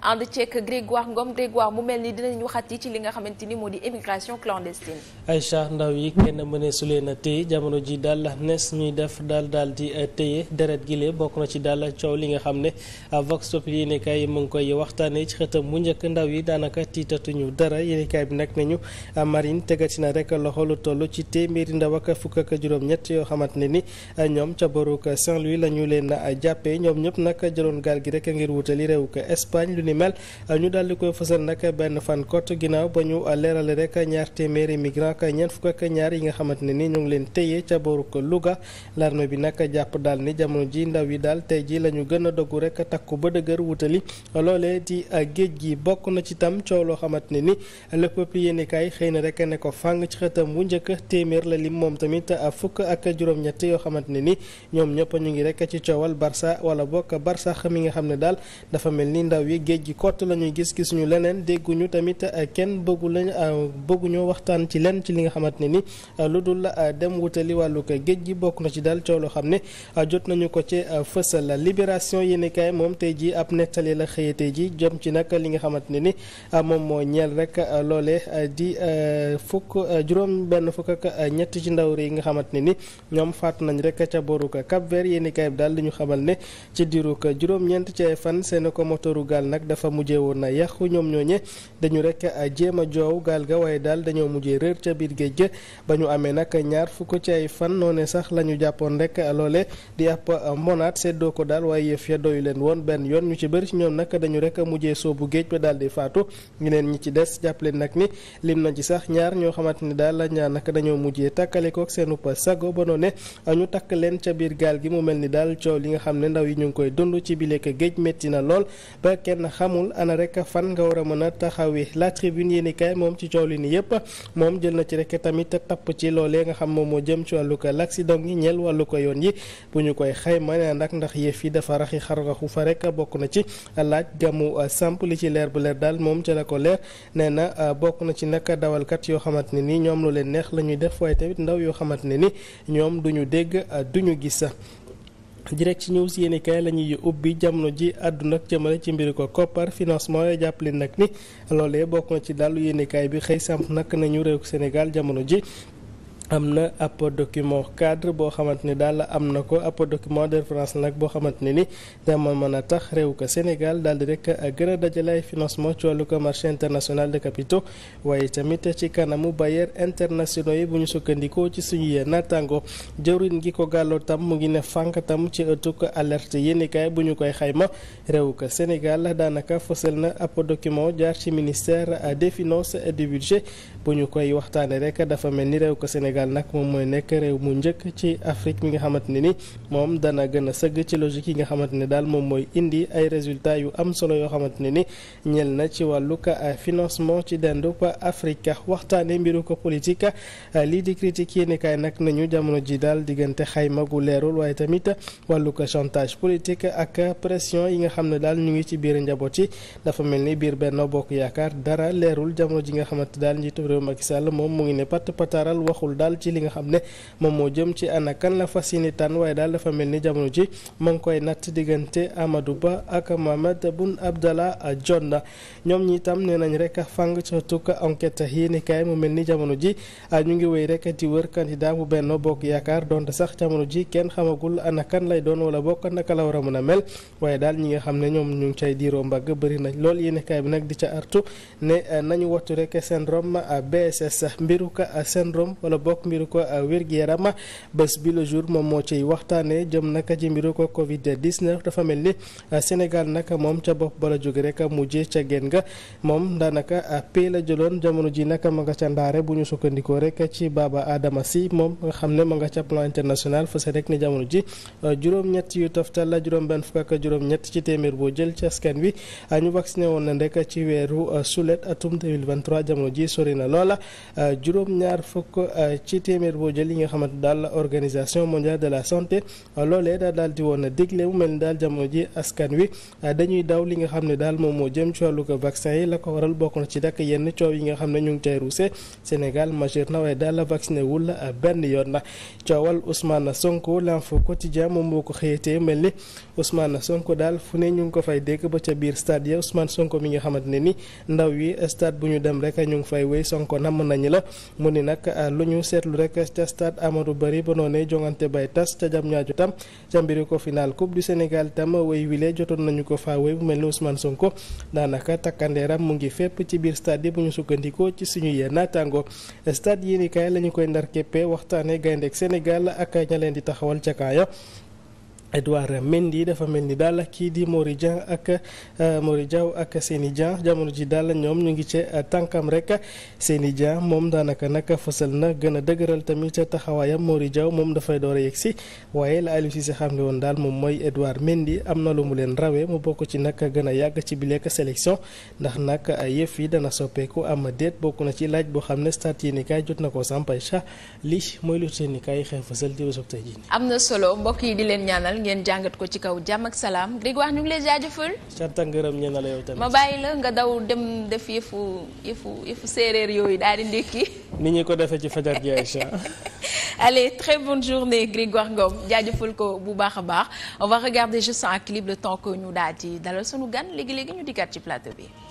ànd ceeg Grégoire Ngom Grégoire mu mel ni dinañ waxat yi ci li nga xamante ni moo di émigration clandestine. Aïcha ndaw yi kenn mëne su leen a jamono ji daal ne nees ñuy def daal daal di eh, téye deret gi lee bokk na ci dal coow li nga xam ne eh, Vox Populi yéenekaay mu ngi koy waxtaanee ci xëtam mu njëkk ndaw yi daanaka tiitatuñu dara yéenekaay bi nag nañu eh, marine tegati na rek loxo lu toll ci téeméeri ndaw ak fukk ak juróom-ñett yoo xamante ne ni ñoom ca boruka Saint-Louis la ñu leen jàppee ñoom ñëpp nag jëloon gaal gi rek ngir wutali réew ko Espagne. ni mel ñu daal di koy fësal nag benn fan kot ginnaaw ba ñu leerale rek ñaar téeméeri migrant ak ñeent fukk ak ñaar yi nga xamante ne ni ñu ngi leen téye ca booru Louga l'armée bi nag jàpp daal ni jamono ji ndaw yi daal tey ji la ñu gën a dogu rek takku ba dëgër wutali loolee di géej gi bokk na ci tam coow loo xamante ne ni le peuple xëy na rek ne ko fàng ci xëtam bu njëkk téeméer la lim moom tamit fukk ak juróom yoo xamante ne ni ñoom ñëpp ñu ngi rekk ci coowal Barça wala bokk Barça mi nga xam ne daal dafa mel ni ndaw yi géej gi kott la ñuy gis gisuñu leneen dégguñu tamit euh, kenn bëggu lañ euh, bëgguñoo waxtaan ci lenn ci li nga xamante ne ni euh, lu dul la dem wutali wàllu géej gi bokk na ci daal coow loo xam ne jot nañu ko ci fësal libération yéeni kaay moom tey ji ab nettali la xëye tey jëm ci nag li nga xamante ne ni moom moo ñeel rek loole di fukk juróom benn fukk ak ñett ci ndaw yi nga xamante ne ni ñoom fàtt nañ rek ca boru Cap Vert yéeni bi daal li ñu xamal ne ci diiru juróom-ñeent ci fan seen ko motoru gaal nag dafa mujjee woon na yàqu ñoom ñoo ñooñe dañu rek jéem a joow gaal ga waaye daal dañoo mujjee réer ca biir géej ga ba ñu amee nag ñaar fukk ci ay fan noone sax la ñu jàppoon rek loole di ab mbonaat seddoo ko daal waaye yëf leen woon benn yoon ñu ci bëri ci nag dañu rek mujjee soobu géej ba daal di faatu ñeneen ñi ci des jàpp nag ni lim na ci sax ñaar ñoo xamante ni daal la ñaar nag dañoo mujjee takkale ko ak seen uppa sago ba noone ñu takk leen ca biir gaal gi mu mel ni daal coow li nga xam ne ndaw yi ñu ngi koy dund ci bileeka géej métti na lool ba kenn xamul ana rek fan nga war a mën a taxawi la tribune yéen kaay moom ci coow li nii yëpp moom jël na ci rek tamit tapp ci loolee nga xam moom moo jëm ci wàllu ko l'accident yi ñeel wàllu ko yoon yi bu ñu koy xayma ne nag ndax yëf yi dafa raxi xarraxu fa rek bokk na ci laaj gamu samp li ci leer bu leer daal moom ca la ko leer nee na bokk na ci nag dawalkat yoo xamante ne nii ñoom lu leen neex la ñuy def waaye tamit ndaw yoo xamante ne ni ñoom duñu dégg duñu gis direct ci ñëw si yéen kaay la ñuy ubbi jamono ji àdduna ak jëmale ci mbiri ko koppar financement ya jàppale nag ni loole bokk na ci dàll yéen kaay bi xëy samp nak nañu réew Sénégal jamono ji am na ab document cadre boo xamante ni daal am na ko ab document de france nag boo xamante ne ni ma mën a tax réew ko Sénégal daal di rek gën dajale ay financement ci wàllu ko marché international de capitaux waaye tamit ci kanamu bailleurs internationaux yi bu ñu sukkandikoo ci suñu naataango jëwriñ gi ko gàlloo tam mu ngi ne fànk tam ci ëttuk alerte yéenekaay bu ñu koy xayma réew ko Sénégal daanaka fësal na ab document jaar ci ministère des finances et ñu koy waxtaanee rek dafa mel ni réew ko Sénégal. Sénégal nag moom mooy nekk réew mu njëkk ci Afrique mi nga xamante ne ni moom dana gën a sëgg ci logique yi nga xamante ne daal moom mooy indi ay résultat yu am solo yoo xamante ne ni ñel na ci wàllu ka euh, financement ci dendu pa Afrique waxtaane mbiru ko politique euh, lii di critique yéeni kaay nag nañu jamono ji daal diggante xayma gu leerul waaye tamit wàllu ko chantage politique ak pression yi nga xam ne daal ñu ngi ci biir njaboot yi dafa mel ni biir benn Bokk Yaakaar da leerul jamono ji nga xamante daal ci li nga xam ne moom moo jëm ci ana kan la fas yéene tànn waaye daal dafa mel ni jamono ji ma ngi koy natt diggante Amadou Ba ak Mohamed Boun Abdallah Dionne ñoom ñi itam nañ rek fang ca tukka enquête yéeni kaay mu mel ni jamono ji ñu ngi wéy rek di wër candidat bu Benno Bokk Yaakaar donte sax jamono ji kenn xamagul ana kan lay doon wala bokk naka la war a mën a mel waaye daal ñi nga xam ne ñoom ñu ngi cay diiroo mbagg bëri nañ lool yéeni kaay bi nag di ca artu ne nañu wattu rek syndrome BSS mbiruka syndrome wala bokk ak mbiru ko euh, wér-gu-yaram bés bi le moom moo ciy waxtaanee jëm naka ci mbiru ko Covid 19 dafa mel ni euh, Sénégal nag moom ca bopp bala jóge rek mujjee ca génn nga moom daanaka euh, pay la jëloon jamono ji nag ma nga bu ñu sukkandikoo rek ci Baba Adama Si moom xam ne ma nga ca plan international fësal rek jamono ji juróom-ñett yu toftal la juróom-benn fukk ak juróom-ñett ci téeméer boo jël ci askan wi ñu vacciné woon na rek ci weeru sulet atum 2023 jamono ji sori na loola juróom-ñaar fukk. ci téeméer boo jël yi nga xamante daal la organisation mondiale de la santé loolee daal daal di woon a digle mu mel ni daal jamono ji askan wi ah, dañuy daw li nga xam ne daal moom moo jëm ci wàllu ko yi la ko waral bokk ci dakk yenn coow yi nga xam ne ñu ngi cay ruuse Sénégal majeur na waaye daal la vacciné wul la ah, benn yoon na coowal Ousmane Sonko l'info quotidien moom moo ko xëyatee mel ni Ousmane Sonko daal fu ne ñu ngi ko fay dégg ba ca biir stade ya Ousmane Sonko mi nga xamante ne ni ndaw yi stade bu ñu dem rek ñu ngi fay wéy Sonko namm nañu la mu ni nag ah, lu ñu seetlu rek ca stade Amadou Barry ba noonee jongante bay tas ca jam ñaajo tam ca mbiri ko final coupe du Sénégal tam way wile jotoon nañu ko faa way bu mel ni son ko daanaka takkandeeram mu ngi fépp ci biir stade yi bu ñu sukkandikoo ci suñu yee naataango stade yéenikaay la ñu koy ndar képpee waxtaane gayndeek Sénégal ak ña leen di taxawal ca kaaya Edouard Mendy dafa mel ni daal kii di Mori Dieng ak euh, Mori jaw ak Seny jan jamono ji daal ñoom ñu ngi ci euh, tànkam rek Seny Dieng moom daanaka nag fësal na gën a dëgëral tamit taxawaayam Mori jaw moom dafay door a yegg si waaye la Aliou xam xamle woon daal moom mooy Edouard Mendy am na lu mu leen rawee mu bokk ci nag gën a yàgg ci bileek sélection ndax nag yëf yi dana soppeeku am déet bokk na ci laaj boo xam ne stade yéen kaay jot na ko sampay cha li mooy lu seen i kaay xew fësal ci yi ngeen jàngat ko ci kaw jàmm ak salaam Grégoire ñu ngi lay jaajëfal. sant ak ngërëm ñu ne la yow tamit. ma bàyyi la nga daw dem def yëfu yëfu yëfu séeréer yooyu daal di ndékki. ni ñu ko defee ci fajar gi Aïcha. allez très bonne journée Grégoire Ngom jaajëfal ko bu baax a baax on va regarder juste un clip le temps que ñu daal di dalal sunu gan léegi léegi ñu dikkaat ci plateau bi.